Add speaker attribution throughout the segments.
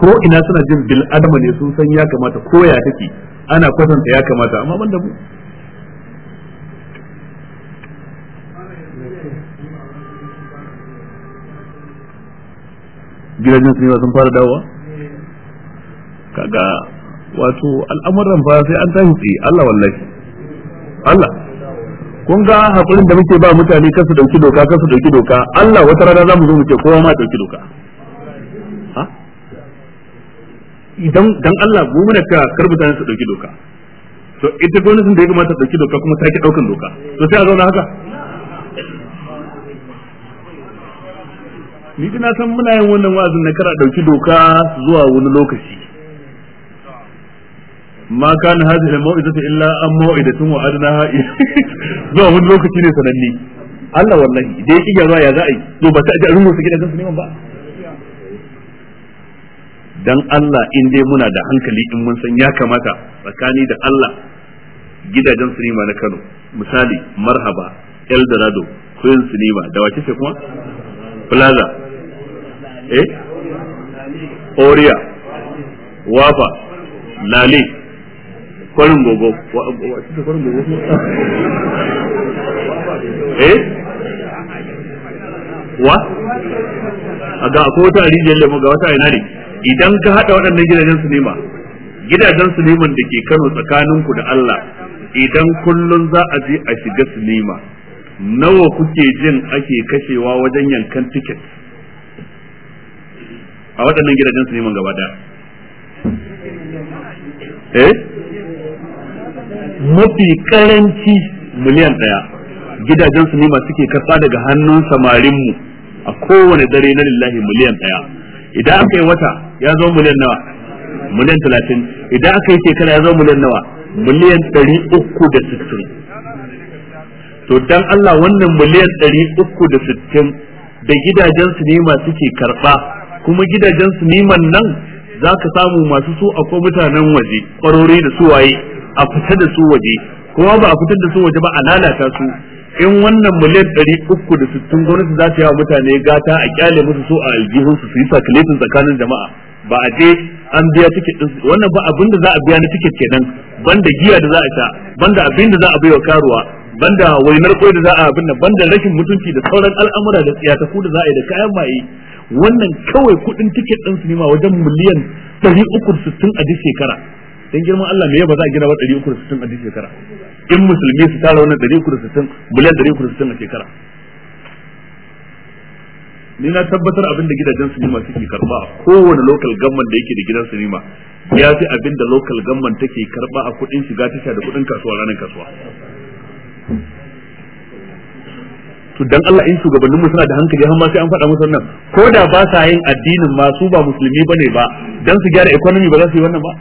Speaker 1: ko ina suna jin bil adama ne sun san ya kamata ko ya take ana kwatanta ya kamata amma banda mu gidajen sinima sun fara dawowa kaga wato al'amuran fa sai an tashi tsaye Allah wallahi Allah kun ga hakurin da muke ba mutane kasu dauki doka kasu dauki doka Allah wata rana za mu zo mu ce kowa ma dauki doka idan dan Allah mu muna cewa kar mutane su dauki doka to ita gwamnatin da ya kamata dauki doka kuma ta ki daukan doka to sai a zauna haka ni dina san muna yin wannan wa'azin na kara dauki doka zuwa wani lokaci ma kana hadhihi mau'izatu illa am mau'idatun wa adnaha zuwa wani lokaci ne sananne Allah wallahi da kiga zuwa ya za a yi to ba ta ji a rungu su gidan su neman ba dan Allah in dai muna da hankali in mun san ya kamata tsakani da Allah gidajen sinima na Kano misali Marhaba Eldorado Queen Cinema da wace ce kuma Plaza eh Oria Wafa Lale Kwarin Gogo wace ce Kwarin Gogo eh wa a ga akwai wata rijiyar lemo ga wata ina ne idan ka hada waɗannan gidajen sinima gidajen siniman da ke Kano tsakaninku da Allah idan kullun za a je a shiga sinima nawa kuke jin ake kashewa wajen yankan tiket a waɗannan gidajen siniman gaba ɗaya? eh mafi karanci miliyan ɗaya gidajen sinima suke karɓa daga hannun samarinmu a kowane dare na lillahi miliyan ɗaya idan aka yi wata ya zo miliyan nawa miliyan talatin idan aka yi shekara ya zo miliyan nawa miliyan ɗari uku da sittin to dan Allah wannan miliyan ɗari uku da sittin da gidajen sinima suke karɓa kuma gidajen siniman nan za ka samu masu su akwai mutanen waje kwarori da su waye a fita da su waje kuma ba a fitar da su waje ba a lalata su in wannan miliyan ɗari uku da sittin gwamnati za ta yi wa mutane gata a kyale musu so a aljihun su yi sakaletin tsakanin jama'a ba a je an biya tiket din wannan ba abin da za a biya na tiket kenan banda giya da za a sha banda abin da za a baiwa karuwa banda wainar koi da za a abin nan banda rashin mutunci da sauran al'amura da tsiyataku da za a yi da kayan maye wannan kawai kuɗin tiket din su ne ma wajen miliyan ɗari uku sittin a duk shekara dan girman Allah me ba za a gina ba 360 a duk shekara in musulmi su tara wannan 360 biliyan 360 a shekara ni na tabbatar abin da gidajen sinima suke karba a kowane local government da yake da gidan sinima ya fi abin da local government take karba a kudin shiga tasha da kudin kasuwa ranar kasuwa to dan Allah in shugabanninmu suna da hankali har ma sai an faɗa musu wannan ko da ba sa yin addinin ma su ba musulmi bane ba dan su gyara economy ba za su yi wannan ba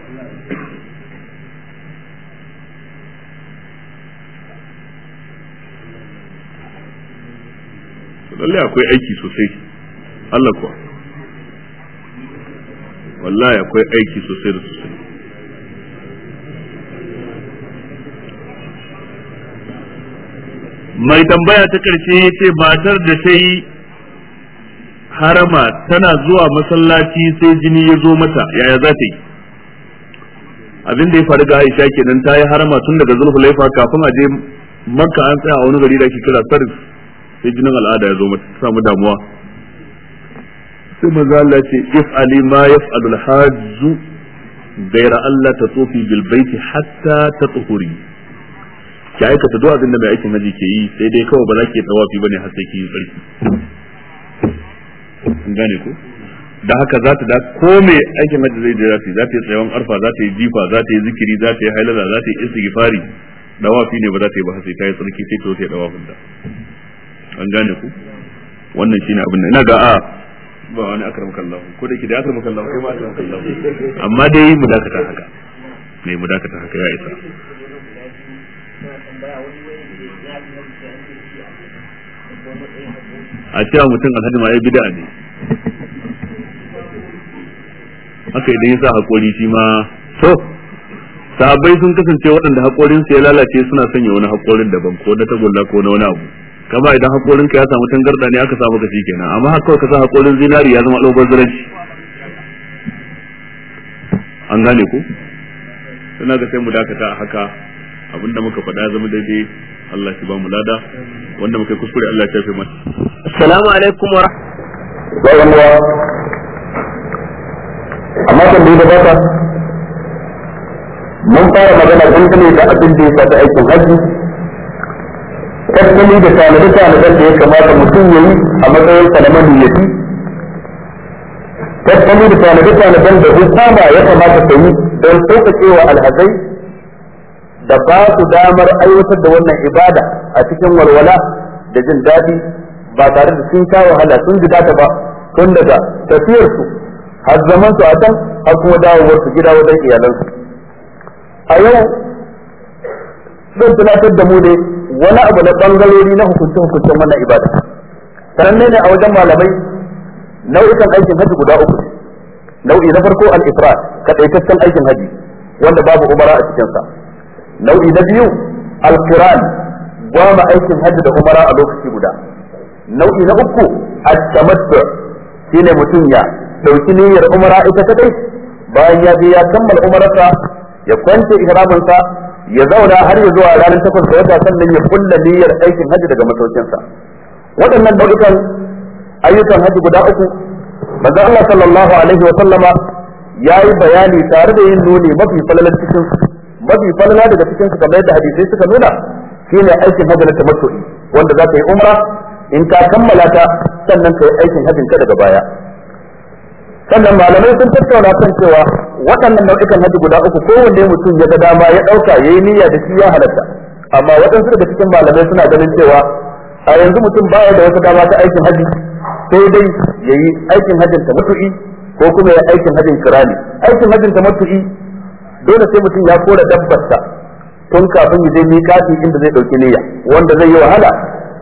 Speaker 2: lalle akwai aiki sosai Allah kuwa wallahi akwai aiki sosai da sosai
Speaker 1: mai tambaya ta karshe ya ce matar da ta yi harama tana zuwa masallaci sai jini ya zo mata yaya za ta yi abin da ya faru ga aisha kenan ta yi harama tun daga laifa kafin a je makka an tsaya a wani gari da ake kira saris sai jinin al'ada ya zo samu damuwa
Speaker 2: sai maza Allah ce
Speaker 1: if'ali ma yaf'alul hajj gaira Allah ta tsofi bil baiti hatta ta tsuhuri ki aikata duk abin da mai aikin haji ke yi sai dai kawai ba za ki tawafi bane har sai ki yi tsarki an gane ko da haka za ta da ko aikin haji zai je za ta za ta yi tsayawan arfa za ta yi jifa za ta yi zikiri za ta yi hailala za ta yi istighfari dawafi ne ba za ta yi ba sai ta yi tsarki sai ta yi dawafin da an gane ku wannan shine abin da ina ga a ah, ba wani akramaka kallahu ko da ke da akramaka Allah kai ma akramaka kallahu amma dai mu dakata haka ne mu dakata haka ya isa a cewa mutum a ma ya bida ne haka idan ya sa haƙori shi ma so. sabai sun kasance waɗanda haƙorinsu ya lalace suna sanya wani haƙorin daban ko na tagulla ko na wani abu kamar idan ka ya samu tangarda ne aka samu gashi kenan amma haka ka sa hakorin zinari ya zama dogon zuranci an gane ku suna ga sai mu dakata a haka abinda muka faɗa zama daidai Allah shi ba mu lada wanda muka kuskure Allah ya tafi mana assalamu alaikum wa rahmatullahi amma kan da baka mun fara magana dangane da abin da ya faɗi aikin hajji tattali da talibai tanaden da ya kamata mutum ya yi a matsayin salaman fi tattali da talibai tanaden da hukuma ya kamata ta yi don wa alhazai da ba su damar aiwatar da wannan ibada a cikin walwala da jin daɗi ba tare da sun sha wahala sun ji data ba tun daga tafiyarsu har zaman su a can har kuma dawowar su gida wajen iyalansu a yau zan tunatar da mu dai wani abu na bangalori na hukuncin hukuncin wannan ibada sananne ne a wajen malamai nau'ikan aikin haji guda uku nau'i na farko al-ifrad kadaitaccen aikin haji wanda babu umara a cikin sa nau'i na biyu al-qiran gwama aikin haji da umara a lokaci guda nau'i na uku at-tamattu shine mutum ya dauki niyyar umara ita kadai bayan ya je ya kammala umararsa ya kwance ihraminsa ya zauna har ya zuwa ranar takwas da wata sannan ya kulla niyyar aikin hajji daga masaukinsa waɗannan nau'ikan ayyukan hajji guda uku manzo Allah sallallahu alaihi wa sallama yayi bayani tare da yin nuni mafi falalar cikin mafi falala daga cikin su kamar yadda hadisai suka nuna shine aikin hajji na tamattu'i wanda za ka yi umra in ka kammala ta sannan ka aikin hajjin ka daga baya sannan malamai sun tattauna kan cewa waɗannan nau'ikan haji guda uku kowanne mutum ya ga dama ya ɗauka ya yi niyya da shi ya halatta amma waɗansu daga cikin malamai suna ganin cewa a yanzu mutum baya da wata dama ta aikin haji sai dai ya yi aikin hajjin ta mutu'i ko kuma ya aikin hajjin kirani aikin hajjin ta mutu'i dole sai mutum ya kora dabbarsa tun kafin ya je miƙati inda zai ɗauki niyya wanda zai yi wahala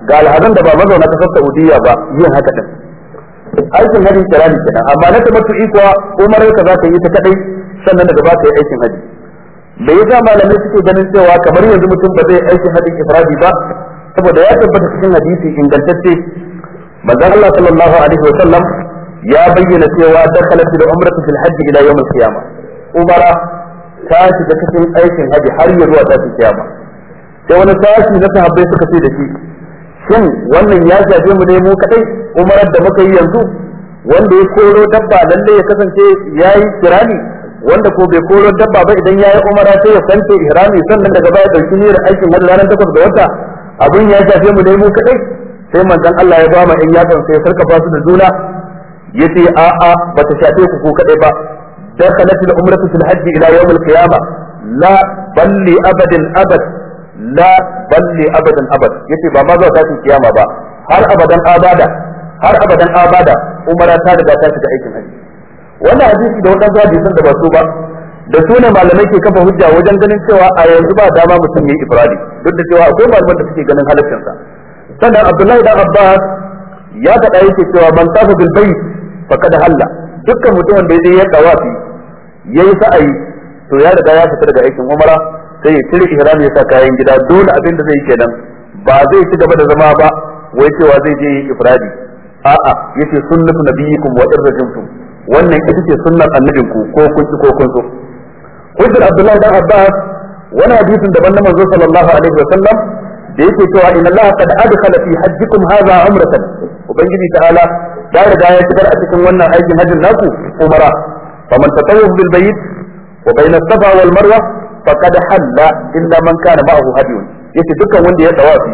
Speaker 1: ga alhazan da ba mazauna kasar Saudiya ba yin haka ɗin aikin hajji kirani kenan amma na tabbatu kuwa Umar ka za ka yi ta kadai sannan daga ba ka yi aikin hajji me yasa malamai suke ganin cewa kamar yanzu mutum ba zai aikin hajji ifradi ba saboda ya tabbata cikin hadisi ingantacce manzon Allah sallallahu alaihi wa sallam ya bayyana cewa dakhalat al umratu fil hajji ila yawm al qiyamah umara ta shiga cikin aikin hajji har yanzu ta kiyama sai wani sashi na sahabbai suka ce da shi shin wannan ya shafe mu ne mu kadai umarar da muka yi yanzu wanda ya koro dabba lalle ya kasance ya yi kirani wanda ko bai koro dabba ba idan ya yi umara sai ya sance ihrami sannan daga baya ɗauki niyyar aikin wani ranar takwas ga wata abin ya shafe mu ne mu kadai sai manzon Allah ya ba mu in yakan sai sarkafa su da juna yace a a bata shafe ku ku kadai ba dakhalat al-umratu fil hajji ila yawm al-qiyamah la balli abadin abad la balli abadan abad yace ba ma ta tashin kiyama ba har abadan abada har abadan abada umara ta daga ta shiga aikin haji wannan hadisi da wadansu san da ba su ba da su malamai ke kafa hujja wajen ganin cewa a yanzu ba dama mutum ya yi ifradi duk da cewa akwai malamai da suke ganin halaccinsa sannan abdullahi dan abbas ya faɗa yake cewa man tafa bil bayt faqad halla dukkan mutumin da ya je ya yayi sa'ayi to ya riga ya fita daga aikin umara sai ya cire ihram ya sa kayan gida dole abin da zai kenan ba zai ci gaba da zama ba wai cewa zai je yi ifradi a'a yace sunnatu nabiyikum wa irrajumtum wannan ita ce sunnar annabinku ko kun ci ko kun so hujjar abdullahi dan abbas wani hadisin daban na manzo sallallahu alaihi wasallam da yake cewa inna allaha qad adkhala fi hajjikum hadha umratan ubangiji ta'ala da riga ya shigar a cikin wannan aikin hajjin naku umara faman tatawwa bil bayt wa bayna safa wal marwa faqad halla illa man kana ma'ahu hadiyun yace dukkan wanda ya tsawafi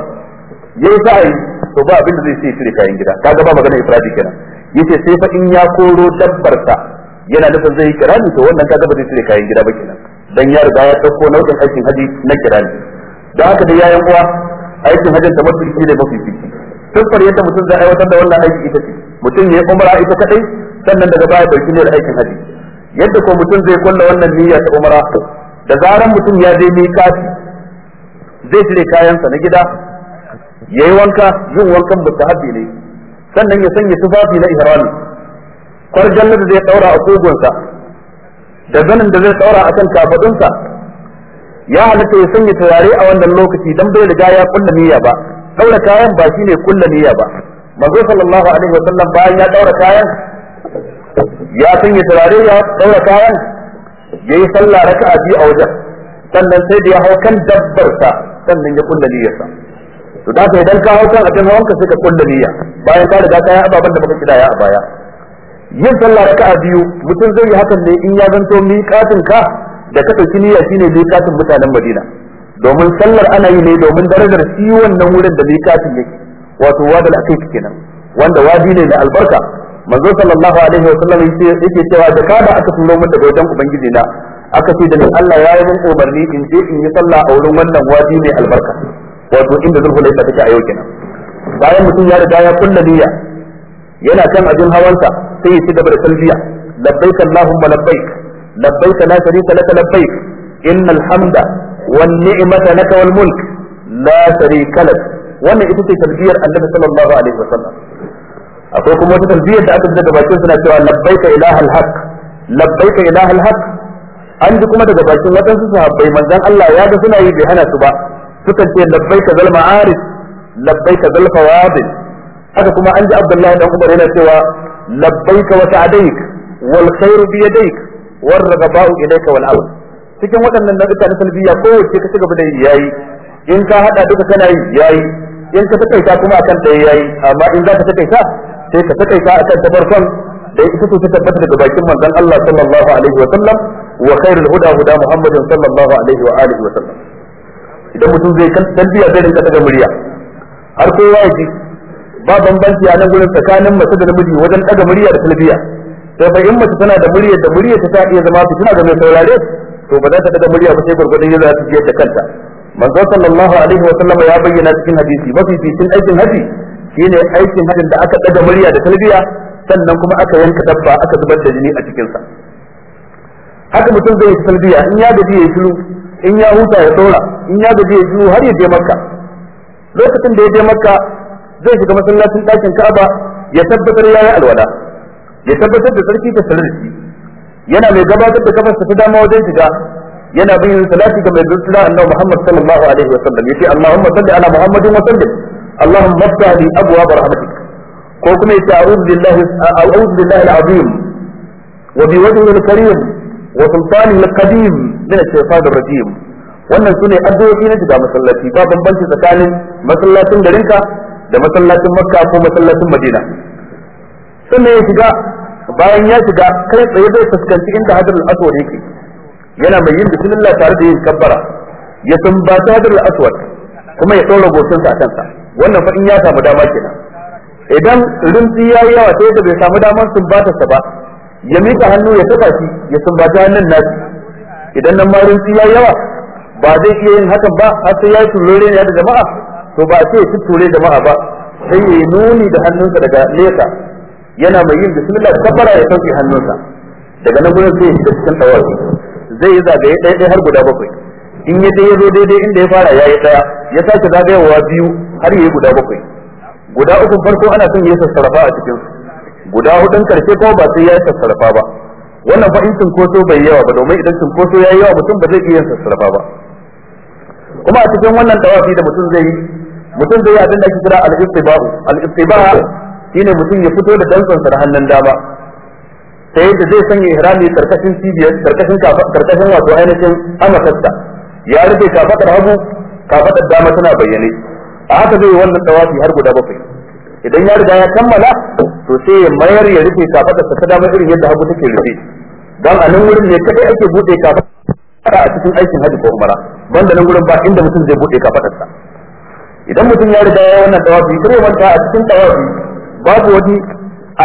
Speaker 1: yayi sa'i to ba abin da zai sai shi kayan gida kaga ba magana ifradi kenan yace sai fa in ya koro dabbar sa yana nufin zai kirani to wannan kaga ba zai cire kayan gida ba kenan dan ya riga ya dauko nau'in aikin haji na kirani da haka da yayin uwa aikin hajin ta mafi shi ne mafi fiki tuffar yadda mutum zai aiwatar da wannan aiki ita ce mutum ya yi umara ita kadai sannan daga baya bai da aikin haji yadda ko mutum zai kulla wannan niyya ta umara da zaran mutum ya je miƙati zai cire kayansa na gida ya yi wanka yin wankan mustahabi ne sannan ya sanya tufafi na ihrami kwarjallar da zai daura a kogonsa da zanin da zai ɗaura a kan kafadunsa ya halatta ya sanya turare a wannan lokaci dan bai riga ya kulla niyya ba daura kayan ba shine kulla niyya ba manzo sallallahu alaihi wasallam bayan ya daura kayan ya sanya turare ya daura kayan ya yi sallah raka a biyu a wajen sannan sai da ya hau kan dabbarsa sannan ya kulla niyyarsa to da ka idan ka hau kan abin hawanka sai ka kulla niyya bayan ka riga ka yi ababen da baka kidaya a baya yin sallah raka a biyu mutum zai yi hakan ne in ya zanto miƙatin ka da ka ɗauki niyya shine miƙatin mutanen Madina domin sallar ana yi ne domin darajar shi wannan wurin da miƙatin yake wato wadal akai kenan wanda wadi ne da albarka manzo sallallahu alaihi wa sallam yake cewa da kada aka turo mun daga wajen ubangiji na aka ce da Allah ya yi mun umarni in je in yi sallah a wurin wannan wadi mai albarka wato inda zulhulaifa take a yau kenan bayan mutum ya riga ya kulla niyya yana kan abin hawansa sai ya ci gaba da talbiya labbaik allahumma labbaik labbaik la sharika laka labbaik innal hamda wan ni'mata laka wal mulk la sharika lak wannan ita ce talbiyar annabi sallallahu alaihi wa sallam akwai kuma wata talbiyar da aka daga bakin suna cewa labbaika ilahal haq labbaika ilahal haq an ji kuma daga bakin waɗansu sahabbai manzon Allah ya ga suna yi bai hana su ba sukan ce labbaika zal ma'arif labbaika zal fawadil haka kuma an ji Abdullahi dan Umar yana cewa labbaika wa sa'adaik wal khairu bi yadaik war ragaba'u ilayka wal awl cikin waɗannan nau'uka na talbiya kowace ka ci gaba da yayi in ka hada duka kana yi yayi in ka takaita kuma akan ɗaya yayi amma in za ka takaita sai ka takaita akan ta farkon da ita ce ta tabbata daga bakin manzon Allah sallallahu alaihi wa sallam wa khairul huda huda Muhammadin sallallahu alaihi wa alihi wa sallam idan mutum zai kan talbiya zai rinka daga murya har kowa ya ji ba bambanci a nan gurin tsakanin mace da namiji wajen daga murya da talbiya sai fa in mace tana da murya da murya ta iya zama fitina ga mai saurare to ba za ta daga murya ba sai gurgurdan yadda za ta ji da kanta manzo sallallahu alaihi wa sallam ya bayyana cikin hadisi mafi fitin aikin haji shine aikin hajjin da aka daga murya da talbiya sannan kuma aka yanka dabba aka zubar da jini a cikin sa haka mutum zai yi talbiya in ya gaji ya shiru in ya huta ya tsora in ya gaji ya shiru har ya je makka lokacin da ya je makka zai shiga masallacin ɗakin ka'aba ya tabbatar yayi alwala ya tabbatar da sarki ta sanar shi yana mai gabatar da kafarsa ta dama wajen shiga yana bin salati ga mai zuciya annabi Muhammad sallallahu alaihi wasallam yace Allahumma salli ala Muhammadin wa sallim اللهم مدى لي أبواب رحمتك قلتم إيسا أعوذ بالله أعوذ بالله العظيم وبوجهه الكريم وسلطانه القديم من الشيطان الرجيم وانا سني أدوى في نجد مسلتي بابا بنت سكان مسلات دريكا ده مسلات مكة أو مسلات مدينة سنة يشجع باين يشجع كيف يبقى تسكنتي عند هذا الأسود هيك ينا مين بسم الله تعالى دين كبرة يتنبات هذا الأسود كما يطول بوسنسا كنسا wannan fa in ya samu dama kenan idan rintsi ya yawa sai da bai samu damar sa ba ya mika hannu ya saka shi ya sumbata hannun nashi idan nan ma rinzi ya yi yawa ba zai iya yin hakan ba har sai ya yi turore ne da jama'a to ba sai ya ture jama'a ba sai ya yi nuni da hannunsa daga nesa yana mai yin bismillah kafara ya sauke hannunsa daga nan gurin sai ya shiga cikin tawafi zai yi zagaye ɗaya ɗaya har guda bakwai in ya je ya zo daidai inda ya fara ya yi ɗaya ya sake zagayewa biyu har yi guda bakwai guda uku farko ana son yi sassarafa a cikin guda hudun karshe kuma ba sai ya sassarafa ba wannan fa in cinkoso bai yawa ba domin idan cinkoso yi yawa mutum ba zai iya yin ba kuma a cikin wannan tawafi da mutum zai yi mutum zai yi abin da ake kira al-istiba'u al-istiba'a shine mutum ya fito da sa da hannun dama ta yadda zai sanya ihrami karkashin cibiyar karkashin karkashin wato ainihin amasarsa ya rufe kafadar hagu kafadar dama tana bayyane a haka zai yi wannan dawafi har guda bakwai idan ya riga ya kammala to sai ya mayar ya rufe kafata ta dama irin yadda hagu take rufe don a nan wurin ne kadai ake bude kafata a cikin aikin hajji ko umara banda nan wurin ba inda mutum zai bude kafatarsa idan mutum ya riga ya wannan dawafi kare manta a cikin dawafi babu wani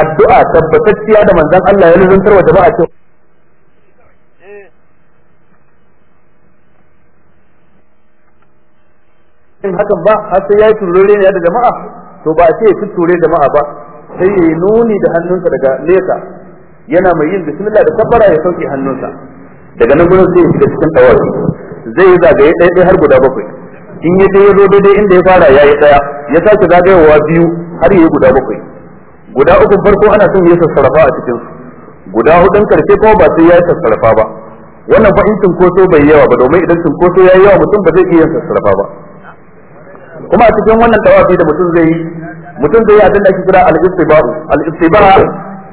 Speaker 1: addu'a tabbatacciya da manzon Allah ya lizantar wa jama'a cewa in hakan ba har sai ya yi turore ne da jama'a to ba a ce ya ture jama'a ba sai ya yi nuni da hannunsa daga nesa yana mai yin bismillah da tabbara ya sauke hannunsa daga nan gudun sai ya shiga cikin tawafi zai yi zagaye ɗaya ɗaya har guda bakwai in ya je ya zo daidai inda ya fara ya yi ɗaya ya sake zagayewa biyu har ya yi guda bakwai guda uku farko ana son ya sassarafa a cikin guda hudun karshe kuma ba sai ya yi sassarafa ba wannan fa in cinkoso bai yawa ba domin idan cinkoso ya yi yawa mutum ba zai iya sassarafa ba kuma a cikin wannan tawafi da mutum zai yi mutum zai yi abin da ake kira al-istiba'u al-istiba'a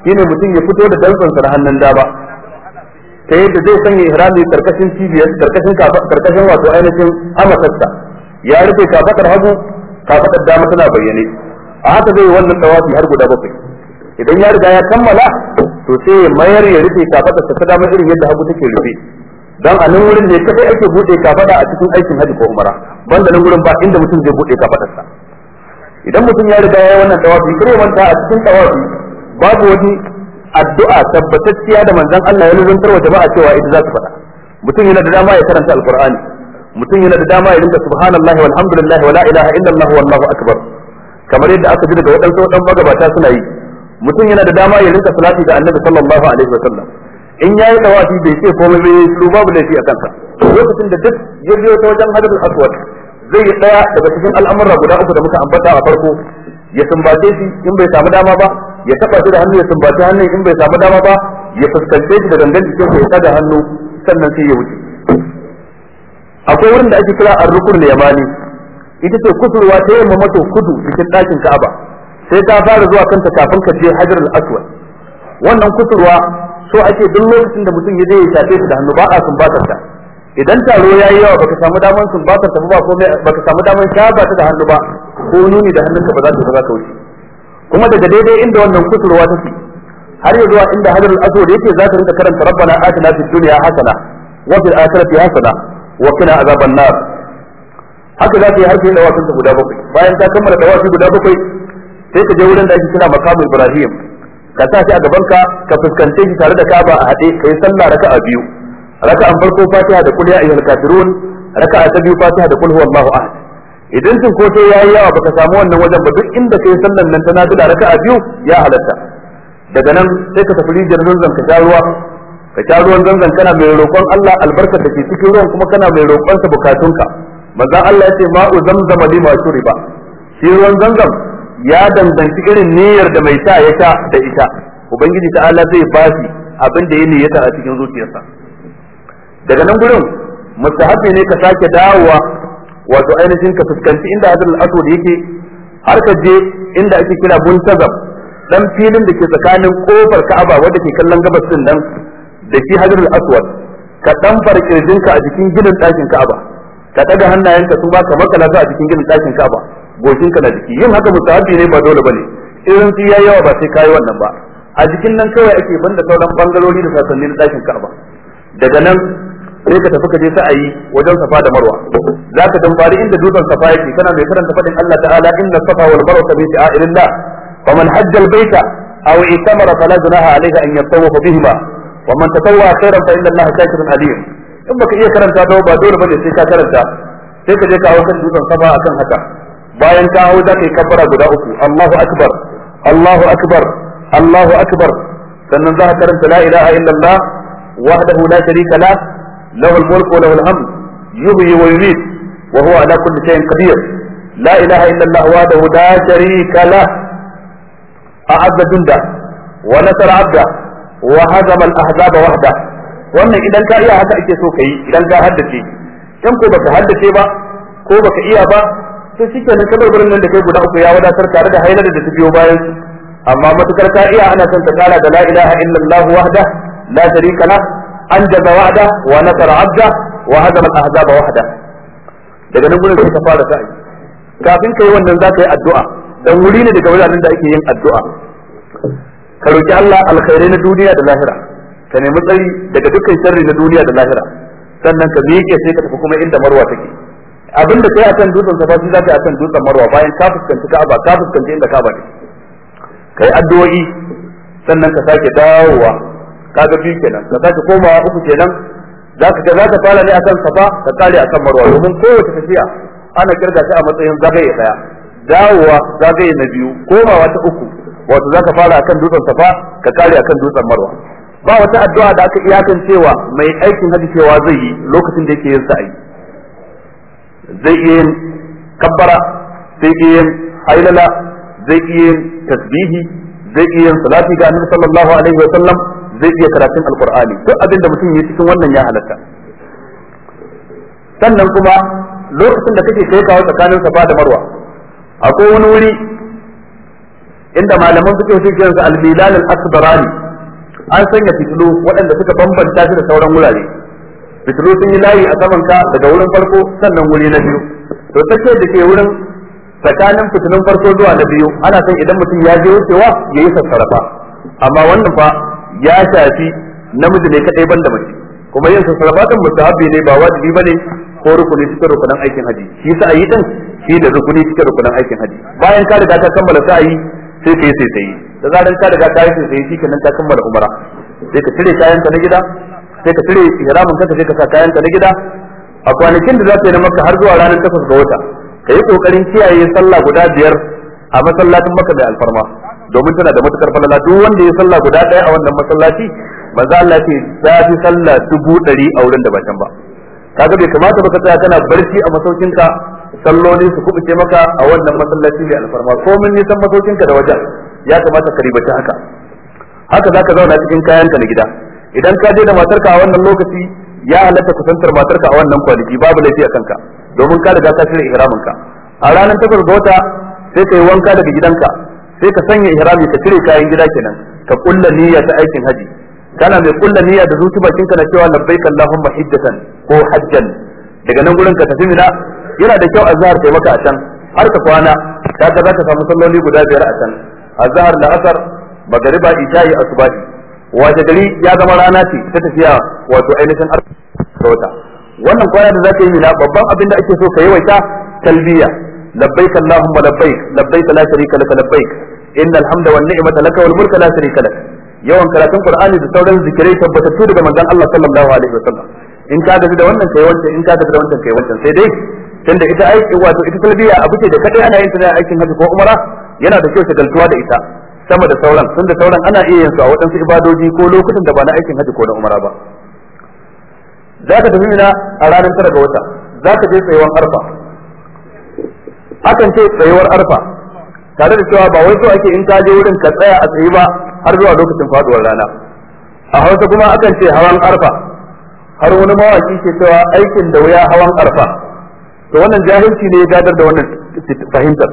Speaker 1: shine mutum ya fito da sa da hannun dama ta yadda zai sanya ihrami karkashin cibiyar karkashin karkashin wato ainihin amatarsa ya rufe kafatar hagu kafatar dama tana bayyane a haka zai yi wannan tawafi har guda bakwai idan ya riga ya kammala to sai mayar ya rufe kafadarsa ta dama irin yadda hagu take rufe dan a nan wurin ne kadai ake bude kafada a cikin aikin haji ko umara banda nan wurin ba inda mutum zai bude sa, idan mutum ya riga ya yi wannan tawafi kare manta a cikin tawafi babu wani addu'a tabbatacciya da manzon Allah ya luluntar wa jama'a cewa ita za su faɗa mutum yana da dama ya karanta alqur'ani mutum yana da dama ya rinka subhanallahi walhamdulillahi wala ilaha illallah wallahu akbar kamar yadda aka ji daga waɗansu waɗansu magabata suna yi mutum yana da dama ya rinka salati ga annabi sallallahu alaihi wasallam in ya yi tawafi bai ce komai bai yi su babu laifi a kansa lokacin da duk ya biyo ta wajen hadar aswad zai yi daya daga cikin al'amura guda uku da muka ambata a farko ya sumbace shi in bai samu dama ba ya taba shi da hannu ya sumbace hannu in bai samu dama ba ya fuskance shi da gangan jikin sa ya tada hannu sannan sai ya wuce akwai wurin da ake kira ar-rukun yamani ita ce kusurwa ta yamma mato kudu cikin dakin Ka'aba sai ta fara zuwa kanta kafin ka je Hajar al-Aswad wannan kusurwa so ake duk lokacin da mutum ya je ya shafe su da hannu ba a sumbatar ta idan taro ya yi yawa baka samu damar sumbatar ta ba komai baka samu daman shafa ta da hannu ba ko nuni da hannunka ba za ta zama kauce kuma daga daidai inda wannan kusurwa take har ya zuwa inda hajarul aswad yake za ta rinka karanta rabbana atina fid dunya hasana wa fil akhirati hasana wa qina azaban nar haka za ta yi harfi da wasan guda bakwai bayan ta kammala da wasu guda bakwai sai ka je wurin da ake kira makamu ibrahim ka sa shi a gaban ka ka fuskance shi tare da kaba a haɗe ka yi sallah raka'a biyu raka'an farko fatiha da kul ya ayyuhal kafirun raka'a ta biyu fatiha da kul huwallahu ahad idan sun ya yi yawa baka samu wannan wajen ba duk inda kai sallan nan ta nafila raka'a biyu ya halatta daga nan sai ka tafi rijiyar zanzan ka sha ruwa ka sha ruwan zanzan kana mai roƙon Allah albarka da ke cikin ruwan kuma kana mai roƙon sa bukatunka manzon Allah ya ce ma'u zamzama lima shuriba shi ruwan zanzan ya danganci irin niyyar da mai sa ya sha da ita ubangiji ta allah zai fasi abin da ya niyyata a cikin zuciyarsa daga nan gurin mustahabi ne ka sake dawowa wato ainihin ka fuskanci inda hadar da yake har ka je inda ake kira muntazam dan filin da ke tsakanin kofar ka'aba wanda ke kallon gabas din nan da shi hadar al'aswad ka dan farkirjinka a jikin ginin ɗakin ka'aba ka daga hannayenka su ba ka makala a cikin ginin ɗakin ka'aba goshin kana na jiki yin haka musahabi ne ba dole bane irin su yayi yawa ba sai kai wannan ba a jikin nan kawai ake banda sauran bangarori da sasanni na dakin Ka'aba daga nan sai ka tafi ka je sa'ayi wajen safa da marwa za ka tambari inda dutsen safa yake kana mai karanta fadin Allah ta'ala inna safa wal marwa bi sha'irillah faman hajja al baita aw itamara fala junaha alayhi an yatawafa bihima waman tatawwa khairan fa inna Allah shakirun alim in baka iya karanta ba dole bane sai ka karanta sai ka je ka hawo kan dutsen safa akan haka bayan ta hau za yi kabbara guda uku Allahu akbar Allahu akbar Allahu akbar sannan za ka karanta la ilaha illallah wahdahu la sharika la lahu al mulk wa lahu al-hamd yuhyi wa yumiit wa huwa ala kulli shay'in qadir la ilaha illallah wahdahu la sharika la a'adda dunda wa nasara 'abda wa hazama al-ahzaba wahda wannan idan ka iya haka ake so kai idan ka haddace kan ko baka haddace ba ko baka iya ba to shi kenan ka barbarin nan da kai guda uku ya wadatar tare da hailar da ta biyo bayan su amma matukar ka iya ana son ta kara da la ilaha illallah wahda la sharika lah anjaza wa'da wa nasara abda wa hazama ahzaba wahda daga nan gurin sai ka fara sa'i kafin kai wannan za ka yi addu'a dan wuri ne daga wuraren da ake yin addu'a ka roki Allah alkhairai na duniya da lahira ka nemi tsari daga dukkan sharri na duniya da lahira sannan ka miƙe sai ka tafi kuma inda marwa take abin da kai akan dutsen safa shi zaka akan dutsen marwa bayan ka fuskanci ka'aba ka fuskanci inda ka'aba ne kai addu'o'i sannan ka sake dawowa kaga biyu kenan ka sake komawa uku kenan zaka ga zaka fara ne akan safa ka kare akan marwa domin kowace tafiya ana kirga shi a matsayin zagaye daya dawowa zagaye na biyu komawa ta uku wato zaka fara akan dutsen safa ka kare akan dutsen marwa ba wata addu'a da aka iyakan cewa mai aikin hadi zai yi lokacin da yake yin sa'ayi zai iya yin kabbara zai iya yin hailala zai iya yin tasbihi zai iya yin salati ga annabi sallallahu alaihi wa sallam zai iya karatun alqur'ani duk abin da mutum ya cikin wannan ya halatta sannan kuma lokacin da kake kai kawo tsakanin safa da marwa akwai wani wuri inda malaman suke shi kiransa al-bilal al-akbarani an sanya fitilu waɗanda suka bambanta shi da sauran wurare fitilu sun yi layi a saman ka daga wurin farko sannan wuri na biyu to ta ce da ke wurin tsakanin fitilun farko zuwa na biyu ana son idan mutum ya je wucewa ya yi sassarafa amma wannan fa ya shafi namiji ne kadai banda mace kuma yin sassarafa mutu mustahabi ne ba wajibi ba ne ko rukuni cikin rukunan aikin haji shi sa yi ɗin shi da rukuni cikin rukunan aikin haji bayan ka riga ka kammala yi sai yi sai sai da zaran ka riga ka yi sai sai kenan ka kammala umara sai ka cire kayan ka na gida sai ka cire ihramin ka sai ka sa kayan ka na gida a kwanakin da za ka yi na maka har zuwa ranar takwas ga wata ka yi kokarin kiyaye sallah guda biyar a masallacin maka mai alfarma domin tana da matukar falala duk wanda ya sallah guda ɗaya a wannan masallaci manzo Allah ce za fi sallah dubu ɗari a wurin da ba can ba kaga bai kamata ba ka tsaya kana barci a masaukinka salloli su kubuce maka a wannan masallaci mai alfarma ko mun nisan masaukinka da wajen ya kamata ka ribaci haka haka zaka zauna cikin kayanka na gida idan ka je da matarka a wannan lokaci ya halatta kusantar matarka a wannan kwanaki babu laifi a kanka domin ka riga ka cire ihramin ka a ranar takwas ga wata sai ka yi wanka daga gidanka sai ka sanya ihrami ka cire kayan gida kenan ka kulla niyya ta aikin haji kana mai kulla niyya da zuci bakin ka na cewa labbaika allahumma hijjatan ko hajjan daga nan gurin ka tafi mina yana da kyau azhar kai maka a can har ka kwana ga za ka samu salloli guda biyar a can azhar da asar magariba isha'i asubahi wace gari ya zama rana ce ta tafiya wato ainihin arziki wata wannan kwana da za zaka yi mina babban abin da ake so ka yi yawaita talbiya labbaik allahumma labbaik labbaik la sharika laka labbaik innal hamda wan ni'mata laka wal mulka la sharika lak yawan karatun qur'ani da sauran zikirai tabbatattu daga manzon Allah sallallahu alaihi wasallam in ka gaji da wannan kai wancan in ka gaji da wancan kai wancan sai dai tunda ita aiki wato ita talbiya abu ce da kadai ana yin ta ne aikin hajji ko umara yana da kyau galtuwa da ita sama da sauran da sauran ana iya yin su a waɗansu ibadoji ko lokutan da ba na aikin haji ko na umara ba za ka tafi mina a ranar tara ga wata za ka je tsayuwar arfa akan ce tsayuwar arfa tare da cewa ba wai so ake in ka je wurin ka tsaya a tsayi ba har zuwa lokacin faduwar rana a hausa kuma akan ce hawan arfa har wani mawaki ke cewa aikin da wuya hawan arfa to wannan jahilci ne ya gadar da wannan fahimtar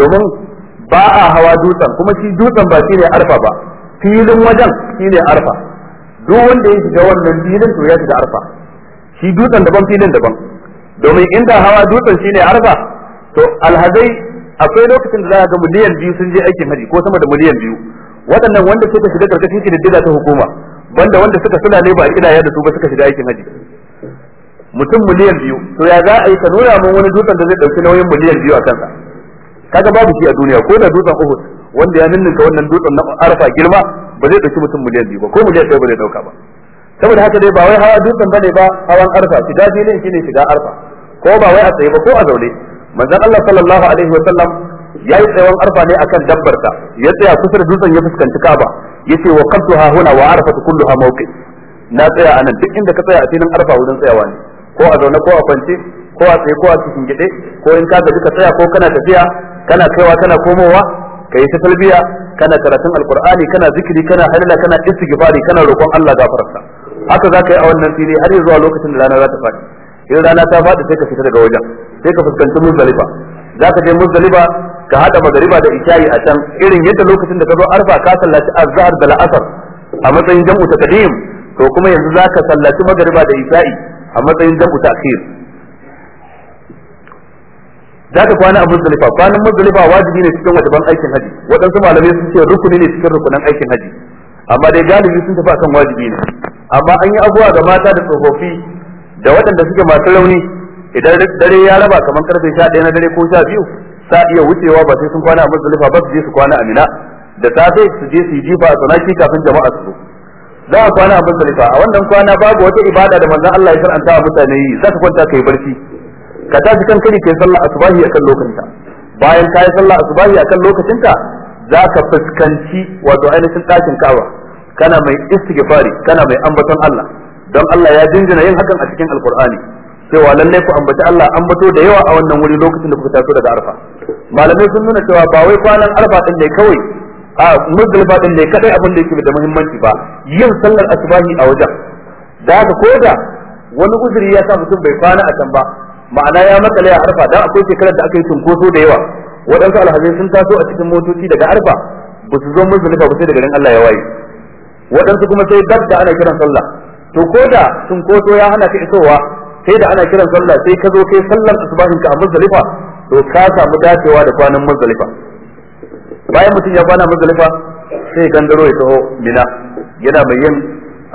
Speaker 1: domin ba a hawa dutsen kuma shi dutsen ba shine arfa ba filin wajen shine arfa duk wanda ya shiga wannan filin to ya shiga arfa shi dutsen daban filin daban domin inda hawa dutsen shine arfa to alhadai akwai lokacin da za ga miliyan biyu sun je aikin haji ko sama da miliyan biyu waɗannan wanda suka shiga karkashin kididdiga ta hukuma banda wanda suka suna ne ba a kidaya da su ba suka shiga aikin haji mutum miliyan biyu to ya za a yi ka nuna mun wani dutsen da zai ɗauki nauyin miliyan biyu a kansa kaga babu shi a duniya ko da dutsen Uhud wanda ya ninninka wannan dutsen na Arfa girma ba zai dauki mutum miliyan biyu ba ko miliyan ɗaya ba zai dauka ba saboda haka dai ba wai hawa dutsen bane ba hawan Arfa shiga filin shine shiga Arfa ko ba wai a tsaye ba ko a zaune manzon Allah sallallahu alaihi wa sallam ya yi tsayawan arfa ne akan dabbar ta ya tsaya kusa da dutsen ya fuskanci ya yace wa qadduha huna wa arfatu kulluha mawqi na tsaya anan duk inda ka tsaya a filin arfa wurin tsayawa ne ko a zaune ko a kwance ko a tsaye ko a cikin gide ko in ka ga ka tsaya ko kana tafiya kana kaiwa kana komowa ka yi ta talbiya kana karatun alkur'ani kana zikiri kana halala kana istighfari kana roƙon Allah gafararsa haka zaka yi a wannan fili har zuwa lokacin da rana za ta faɗi in rana ta faɗi sai ka fita daga wajen sai ka fuskanci muzdalifa zaka je muzdalifa ka hada magariba da isha'i a can irin yadda lokacin da ka zo arfa ka sallaci azhar da la'asar a matsayin jam'u ta kadim to kuma yanzu zaka sallaci magariba da isha'i a matsayin jam'u ta akhir da ka kwana a muzdalifa kwanan muzdalifa wajibi ne cikin wajiban aikin haji waɗansu malamai sun ce rukuni ne cikin rukunin aikin haji amma dai galibi sun tafi akan wajibi ne amma an yi abuwa ga mata da tsofaffi da waɗanda suke masu rauni idan dare ya raba kamar karfe sha ɗaya na dare ko sha biyu sa iya wucewa ba sai sun kwana a muzdalifa ba su je su kwana a mina da safe su je su yi jifa a tsanaki kafin jama'a su zo za a kwana a muzdalifa a wannan kwana babu wata ibada da manzon Allah ya shar'anta wa mutane yi za ka kwanta kai barci ka tashi kan kai kai sallah asubahi akan lokacinta bayan ka yi sallah asubahi akan lokacinta za ka fuskanci wato ainihin ɗakin kawa kana mai istighfari kana mai ambaton Allah don Allah ya jinjina yin hakan a cikin alkur'ani cewa lallai ku ambaci Allah ambato da yawa a wannan wuri lokacin da kuka taso daga arfa malamai sun nuna cewa ba wai kwanan arfa din ne kawai a muzdalifa din ne kadai abin da yake da muhimmanci ba yin sallar asubahi a wajen da haka ko da wani uzuri ya sa mutum bai kwana a can ba ma'ana ya makale a arfa dan akwai shekarar da aka yi cunkoso da yawa waɗansu alhazai sun taso a cikin motoci daga arfa ba su zo muzdalifa ba sai daga garin Allah ya waye waɗansu kuma sai dab ana kiran sallah to koda da ya hana ka isowa sai da ana kiran sallah sai ka zo kai sallar asbahin ka a muzdalifa to ka samu dacewa da kwanan muzdalifa bayan mutum ya kwana muzalifa sai gandaro ya taho mina yana mai yin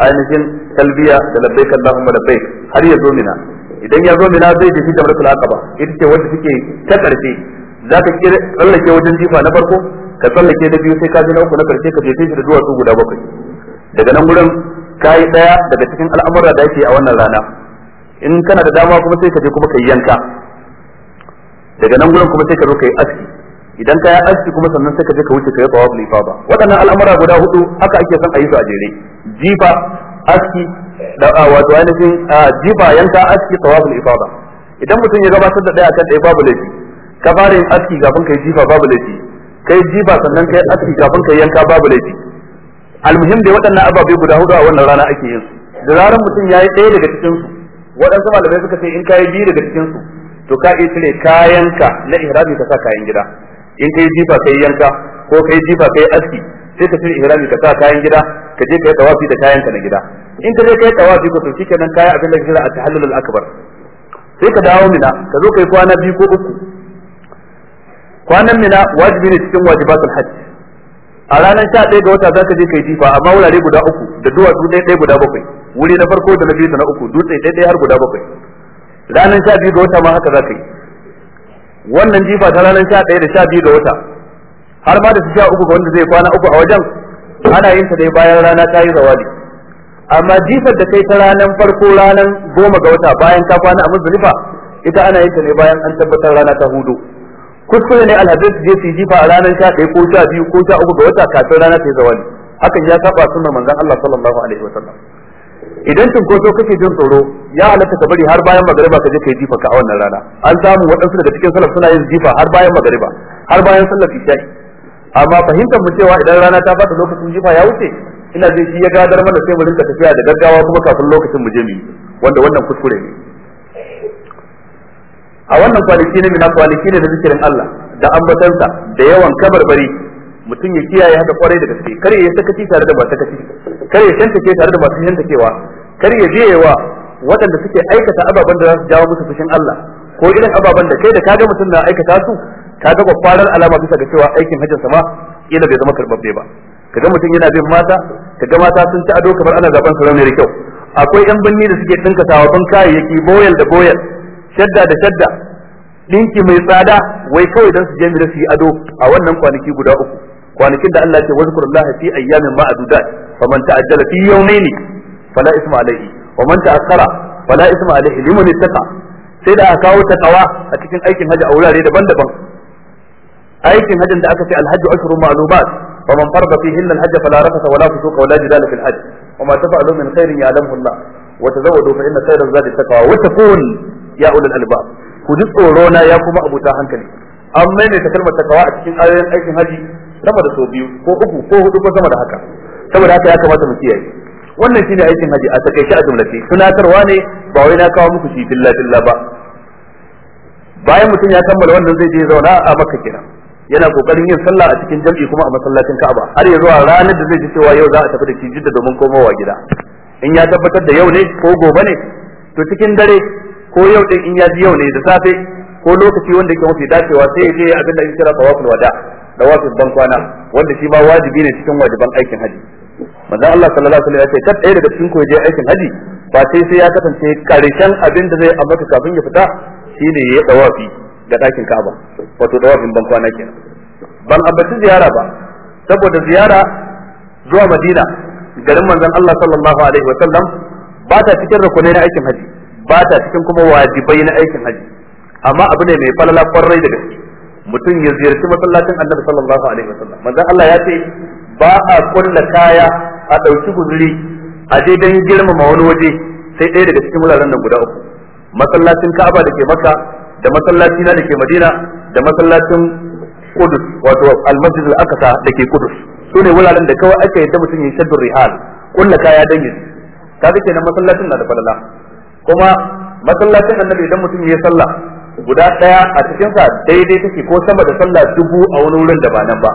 Speaker 1: ainihin talbiya da labbaik Allahumma labbaik har ya zo mina idan ya zo mina zai tafi da mulkul aqaba ita ce wanda take ta karshe zaka kira tsallake wajen jifa na farko ka tsallake na biyu sai ka ji na uku na karshe ka je shi da duwatsu guda bakwai daga nan gurin kai daya daga cikin al'amura da yake a wannan rana in kana da dama kuma sai ka je kuma kai yanka daga nan gurin kuma sai ka zo kai aski idan ka yi aski kuma sannan sai ka je ka wuce ka yi tawaf lifa ba waɗannan al'amura guda hudu haka ake son a yi su a jere jifa aski wato ainihin jifa yanka aski tawabul ifada idan mutum ya gabatar da daya kan daya babu laifi ka fara yin aski kafin kai jifa babu laifi kai jifa sannan kai aski kafin kai yanka babu laifi almuhim da waɗannan ababe guda hudu a wannan rana ake yin su da zarar mutum ya yi ɗaya daga cikin su waɗansu malamai suka ce in kayi biyu daga cikin su to ka iya cire kayanka na ihrami ka sa kayan gida in kai jifa kai yanka ko kai jifa kai aski sai ka cire ihrami ka sa kayan gida ka je ka yi tawafi da kayanka na gida in ka je kai tawafi ko to shikenan kai abin da kira at-tahallul al-akbar sai ka dawo mina ka zo kai kwana biyu ko uku kwanan mina wajibi ne cikin wajibatul hajj a ranar sha ɗaya ga wata za ka je kai jifa amma wurare guda uku da duwatsu ɗaya ɗaya guda bakwai wuri na farko da na biyu da na uku dutse ɗaya ɗaya har guda bakwai ranar sha biyu ga wata ma haka za ka yi wannan jifa ta ranar sha ɗaya da sha biyu ga wata har ma da su sha uku ga wanda zai kwana uku a wajen ana yin ta dai bayan rana ta yi zawali amma jifar da kai ta ranar farko ranar goma ga wata bayan ka kwana a muzdalifa ita ana yin ta ne bayan an tabbatar rana ta hudu kuskure ne alhadis je su jifa a ranar sha ɗaya ko sha biyu ko sha uku ga wata kafin rana ta yi zawali hakan ya saba suna manzan Allah sallallahu alaihi wasallam idan tun cinkoso kake jin tsoro ya halatta ka bari har bayan magariba ka je ka yi jifa ka a wannan rana an samu waɗansu daga cikin salaf suna yin jifa har bayan magariba har bayan sallar isha'i amma fahimtar mu cewa idan rana ta fata lokacin jifa ya wuce ina jin shi ya gadar mana sai mu rinka tafiya da gaggawa kuma kafin lokacin mu je mu wanda wannan kuskure ne a wannan kwanaki ne mina kwanaki ne da zikirin Allah da ambatansa da yawan kabarbari mutum ya kiyaye haka kwarai da gaske kar ya sakaci tare da masu sakaci kar ya shantake tare da masu shantakewa kar ya je wa waɗanda suke aikata ababen da za su jawo musu fushin Allah ko irin ababen da kai da kaga mutum na aikata su ga kwafarar alama bisa ga cewa aikin hajjin sa ma kila bai zama karbabbe ba kaga mutum yana bin mata kaga mata sun ci ado kamar ana zaben sarauniyar kyau akwai yan binni da suke dinka ban kayayyaki boyel da boyel shadda da shadda dinki mai tsada wai kawai dan su je mira su yi ado a wannan kwanaki guda uku kwanakin da Allah ya ce Allah fi ayyamin ma'adudat faman ta'ajjala fi yawmayni fala isma alayhi wa man ta'akhkhara fala isma alayhi liman ittaqa sai da aka kawo takawa a cikin aikin haji a wurare daban-daban aikin hajjin da aka ce alhajju ashru ma'lumat wa man farada fihi illa alhajj fala rafasa wala fusuqa wala jidala fil hajj wa ma tafa'alu min khairin ya'lamuhu Allah wa tazawwadu fa inna khayra zadi taqwa wa taqul ya ulul albab ku ji tsoro na ya kuma abuta hankali an maimaita kalmar takawa a cikin ayoyin aikin haji sama da so biyu ko uku ko hudu ko sama da haka saboda haka ya kamata mu kiyaye wannan shine aikin haji a takaice a jumlace tunatarwa ne ba wai na kawo muku shi filla filla ba bayan mutum ya kammala wannan zai je zauna a makka kenan yana kokarin yin sallah a cikin jam'i kuma a masallacin Ka'aba har ya zuwa ranar da zai ji cewa yau za a tafi da shi jidda domin komawa gida in ya tabbatar da yau ne ko gobe ne to cikin dare ko yau din in ya ji yau ne da safe ko lokaci wanda yake mafi dacewa sai ya je abin da ake kira tawaful wada da wasu ban kwana wanda shi ma wajibi ne cikin wajiban aikin haji manzo Allah sallallahu alaihi wasallam ya ce kad ɗaya daga cikin ku je aikin haji ba sai sai ya kasance karshen abin da zai ambata kafin ya fita shine ya tawafi ga ɗakin Ka'aba wato dawafin ban kwana kenan ban ambaci ziyara ba saboda ziyara zuwa Madina garin manzon Allah sallallahu alaihi wa sallam ba ta cikin rukunai na aikin haji ba ta cikin kuma wajibai na aikin haji amma abu ne mai falala kwarai da gaske mutum ya ziyarci masallacin Annabi sallallahu alaihi wa sallam manzon Allah ya ce ba a kulla kaya a ɗauki guzuri a je girmama wani waje sai ɗaya daga cikin wuraren nan guda uku masallacin Ka'aba da ke Makka da masallaci na dake Madina da masallacin Qudus wato al-Masjid al-Aqsa dake Qudus sune wuraren da kawai ake yadda mutum ya shaddu rihal kullu kaya dan yi kaga kenan masallacin na da falala kuma masallacin annabi idan mutum ya sallah guda daya a cikin sa daidai take ko sama da sallah dubu a wani wurin da ba nan ba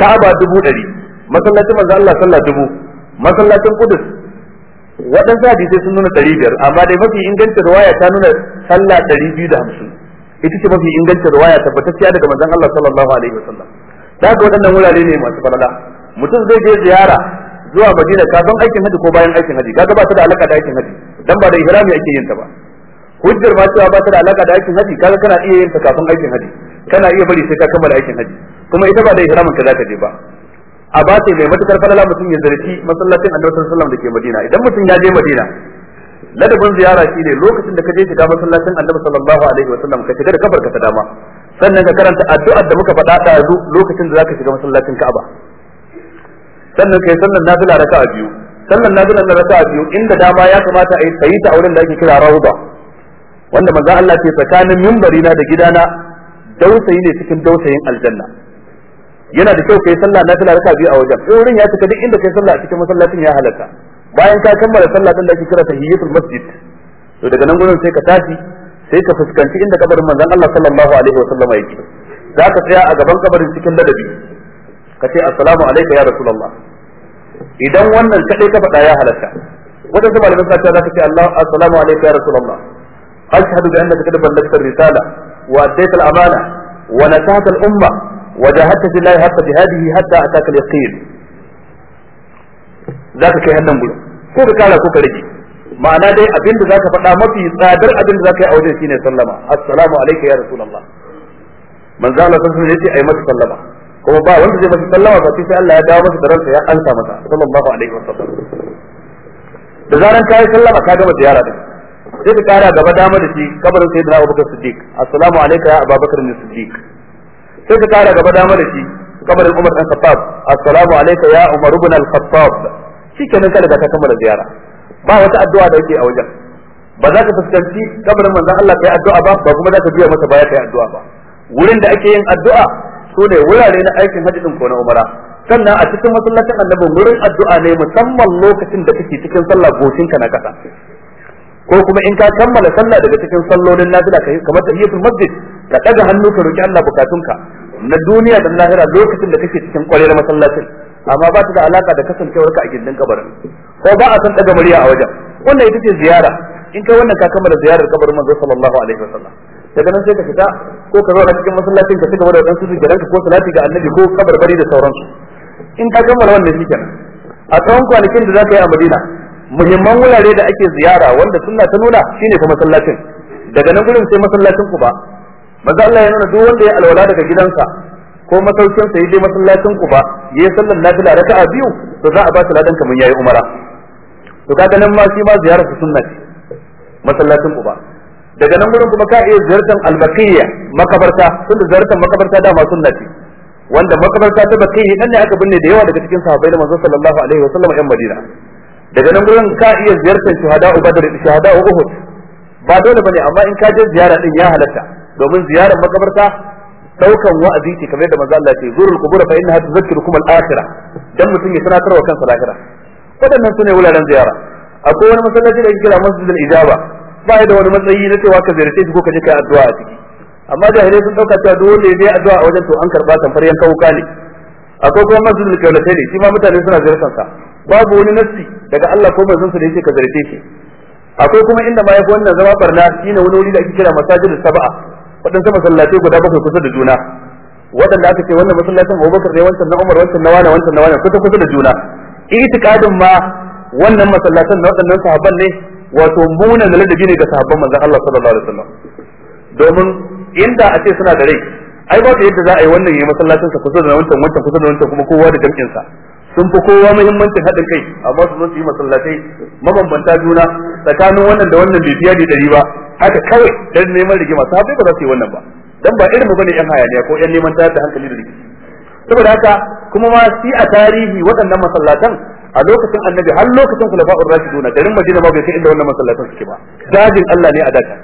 Speaker 1: Ka'aba dubu dari masallacin manzo Allah sallah dubu masallacin Qudus waɗansu hadisai sun nuna ɗari biyar amma dai mafi ingancin ruwaya ta nuna sallah ɗari biyu da hamsin ita ce mafi ingancin ruwaya tabbatacciya daga manzon Allah sallallahu alaihi sallam. da ga waɗannan wurare ne masu falala mutum zai je ziyara zuwa Madina kafin aikin haji ko bayan aikin haji kaga ba ta da alaka da aikin haji dan ba da ihrami ake yin ta ba hujjar ma cewa ba ta da alaka da aikin haji kaga kana iya yin ta kafin aikin haji kana iya bari sai ka kammala aikin haji kuma ita ba da ihramin ka zaka je ba a ba sai mai matukar falala mutum ya zarci masallacin annabi sallallahu alaihi da ke Madina idan mutum ya je Madina ladabin ziyara shi ne lokacin da ka je shiga masallacin annabi sallallahu alaihi wasallam ka shiga da kabar ka ta dama sannan ka karanta addu'ar da muka faɗa da lokacin da zaka shiga masallacin Ka'aba sannan kai sannan nafila raka'a biyu sannan nafila raka'a biyu inda dama ya kamata a yi sayi ta auren da ake kira rawda wanda manzo Allah ce tsakanin mimbari na da gidana dausayi ne cikin dausayin aljanna yana da kyau kai sallah na fila raka biyu a wajen in wurin ya cika duk inda kai sallah a cikin masallacin ya halatta bayan ka kammala sallah din da ake kira tahiyatul masjid to daga nan gurin sai ka tashi sai ka fuskanci inda kabarin manzon Allah sallallahu alaihi wasallam yake za ka tsaya a gaban kabarin cikin ladabi ka ce assalamu alayka ya rasulullah idan wannan kadai ka faɗa ya halatta wanda zama malamin sa za ka ce Allah assalamu alayka ya rasulullah ashhadu bi annaka qad ballaghta ar-risala wa addayta al-amana wa nasahata al-umma wajahadta billahi hatta jihadihi hatta ataka al-yaqin zaka kai hannun gudu ko ka kara ko ka rage ma'ana dai abinda zaka faɗa mafi tsadar abinda zaka yi a wajen shine sallama assalamu alayka ya rasulullah manzo Allah sallallahu alaihi wasallam yace ai masa sallama kuma ba wanda zai masa sallama ba Allah ya dawo masa da ya ansa masa sallallahu alaihi wasallam da zaran ka yi sallama ka gama ziyara din sai ka gaba dama da shi kabarin sayyidina Abubakar Siddiq assalamu alayka ya na Siddiq sai ka kara gaba dama da shi kamar Umar bin Khattab assalamu alayka ya Umar ibn al-Khattab shikenan ka daga ka kammala ziyara ba wata addu'a da yake a wajen ba za ka fuskanci kamar manzon Allah kai addu'a ba ba kuma za ka biya masa baya kai addu'a ba wurin da ake yin addu'a so ne wurare na aikin din ko na umara sannan a cikin masallacin annabi wurin addu'a ne musamman lokacin da kake cikin sallah goshinka na kasa ko kuma in ka kammala sallah daga cikin sallolin nafila kai kamar tahiyatul masjid ka daga hannu ka roki Allah bukatunka na duniya da lahira lokacin da kake cikin kwarar masallacin amma ba ta da alaka da kasancewar ka a gindin kabarin ko ba a san daga murya a wajen wannan ita ce ziyara in kai wannan ka kammala ziyarar kabarin manzo sallallahu alaihi wasallam daga nan sai ka fita ko ka zauna cikin masallacin ka cigaba da wadansu jiran ka ko salati ga annabi ko bari da sauransu in ka kammala wannan shikenan a tsawon kwanakin da za ka yi a Madina muhimman wurare da ake ziyara wanda sunna ta nuna shine fa masallacin daga nan gurin sai masallacin ku ba manzo Allah ya nuna duk wanda ya alwala daga gidansa ko masaukin sa yaje masallacin Quba yayi sallar nafila raka'a biyu to za a ba shi ladan kaman yayi umara to kaga nan ma shi ma ziyarar sunna ce masallacin Quba daga nan gurin kuma ka iya ziyartar albaqiyya makabarta tunda ziyartar makabarta da sunna ce wanda makabarta ta bakiyya dan ne aka binne da yawa daga cikin sahabbai da manzo sallallahu alaihi wa sallam yan Madina daga nan gurin ka iya ziyartar shuhada'u badr shuhada'u uhud ba dole bane amma in ka je ziyara din ya halatta domin ziyarar makabarta daukan wa'azi ce kamar da manzo Allah ce zurul qubur fa innaha tuzakkirukum al-akhirah dan mutum ya tunatarwa kansa lahira wadannan sune wuraren ziyara akwai wani masallaci da kira masjid al-ijaba ba ya da wani matsayi na cewa ka ziyarce shi ko ka je kai addu'a a ciki amma da hare sun dauka cewa dole ne dai addu'a a wajen to an karba tamfar yan kauka ne akwai kuma masjid al-qiblatain shi ma mutane suna ziyartar sa babu wani nassi daga Allah ko manzon sa da yake ka ziyarce shi akwai kuma inda ma yafi wannan zama barna shine wani wuri da ake kira masajid sab'a waɗansu masallatai guda bakwai kusa da juna waɗanda aka ce wannan masallacin Abubakar ne wancan na Umar wancan na Wani wancan na Wani kusa kusa da juna itikadin ma wannan masallatan na waɗannan sahabban ne wato munan na ladabi ne ga sahabban manzon Allah sallallahu alaihi wasallam domin inda a ce suna da rai ai ba yadda za a yi wannan yayi masallacin sa kusa da wancan wancan kusa da wancan kuma kowa da jam'in sa sun fi kowa muhimmancin haɗin kai amma su zo su yi masallatai mabambanta juna tsakanin wannan da wannan bai fiya da ɗari ba haka kawai dan neman rigima sahabbai ba za su yi wannan ba dan ba irin mu bane yan hayaniya ko yan neman tayar da hankali da rigima saboda haka kuma ma shi a tarihi waɗannan masallatan a lokacin annabi har lokacin khulafa'ur rashiduna garin madina ma bai kai inda wannan masallatan suke ba dajin Allah ne a daka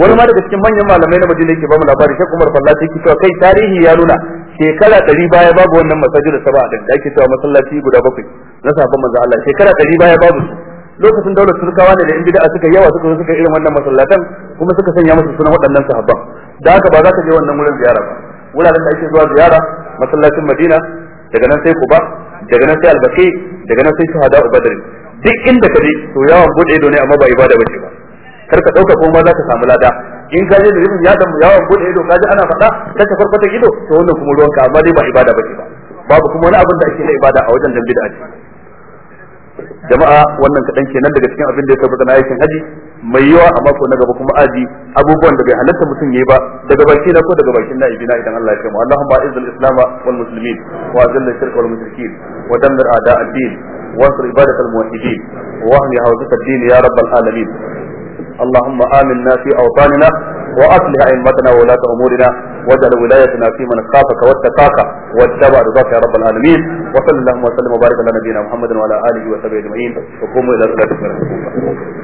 Speaker 1: wani ma daga cikin manyan malamai na madina yake ba mu labari sai Umar Fallaci yake cewa kai tarihi ya nuna shekara ɗari baya babu wannan masajid da saba din da ake cewa masallaci guda bakwai na sahabban manzo Allah shekara ɗari baya babu su lokacin daular turkawa ne da in bid'a suka yawa suka suka irin wannan masallatan kuma suka sanya musu sunan waɗannan sahabban da haka ba za ka je wannan wurin ziyara ba wuraren da ake zuwa ziyara masallacin Madina daga nan sai Quba daga nan sai al daga nan sai Shuhada Badr duk inda ka je to yawan bude ido ne amma ba ibada bace ba kar ka dauka kuma za ka samu lada in ka je da yin ya damu yawan bude ido ka ana faɗa ta ka ta farfata ido to wannan kuma ruwanka amma dai ba ibada bace ba babu kuma wani abin da ake na ibada a wajen dan bid'a jama'a wannan kaɗan kenan daga cikin abin da ya tabbata na aikin haji mai yawa a mako na gaba kuma aji abubuwan da bai halatta mutum yayi ba daga baki na ko daga bakin na'ibi na idan Allah ya kai mu Allahumma izzil islam wal muslimin wa azil shirka wal mushrikin wa dammir a'da ad-din wa ansur ibadat al muwahhidin wa ahmi hawzat ad-din ya rabbal alamin اللهم آمنا في أوطاننا وأصلح أئمتنا وولاة أمورنا واجعل ولايتنا في من خافك واتقاك واتبع رضاك يا رب العالمين وصلى اللهم وسلم وبارك على نبينا محمد وعلى آله وصحبه أجمعين وقوموا إلى صلاة